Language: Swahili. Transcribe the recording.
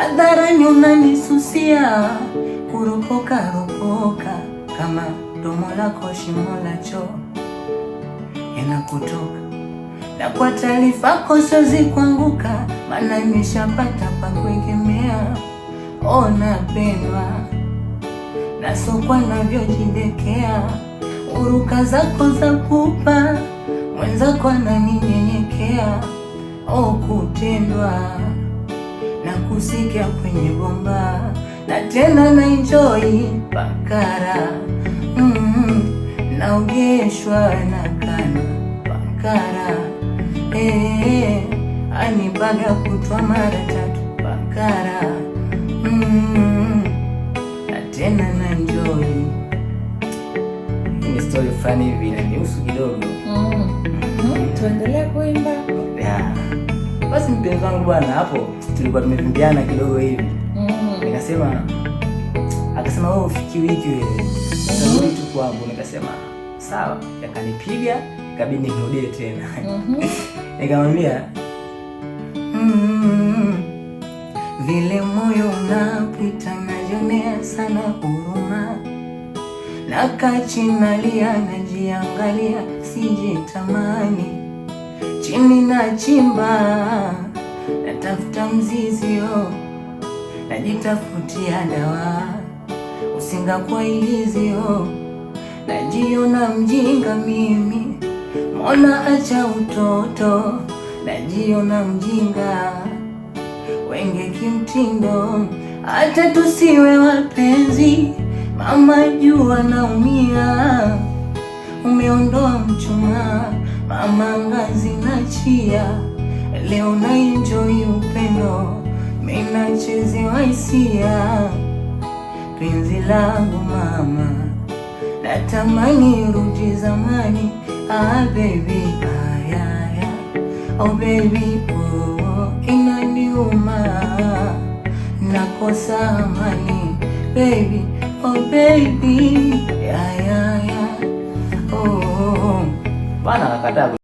Hadharani unanisusia kuropoka ropoka, kama domo lako shimo la choo yanakutoka, na kwa taarifa kosozi kuanguka, maana nimeshapata pa kuegemea. Ona pendwa, nasokwa navyojidekea, uruka zako za kupa mwenzako ananinyenyekea, o kutendwa na kusikia kwenye bomba na tena na enjoy pakara mm, mm-hmm. naogeshwa na kana pakara eh, anibaga kutwa mara tatu pakara mm, mm-hmm. na tena na enjoy. Ni story fulani hivi na niusu kidogo mm. mm mpenzi wangu bwana, hapo tulikuwa tumevimbiana kidogo hivi mm. Nikasema, akasema oh, wewe ufiki wiki wewe sababu tu kwangu. Nikasema sawa, yakanipiga ikabidi nirudie tena mm -hmm. Nikamwambia mm, vile moyo unapita najonea sana huruma, na kachinalia najiangalia, sijitamani chini na chimba natafuta mzizio, najitafutia dawa, usinga kwa ilizio, najiona mjinga mimi, mbona acha utoto, najiona mjinga, wenge kimtindo, hata tusiwe wapenzi, mama jua naumia, umeondoa mchuma mama ngazi na chia Leo na enjoy upendo, menachezewa hisia. Penzi langu mama, natamani rudi zamani. Ah baby, ayaya, ah, oh baby, oh, inaniuma, nakosa amani baby, oh baby, ayaya, oh, oh, oh. Bana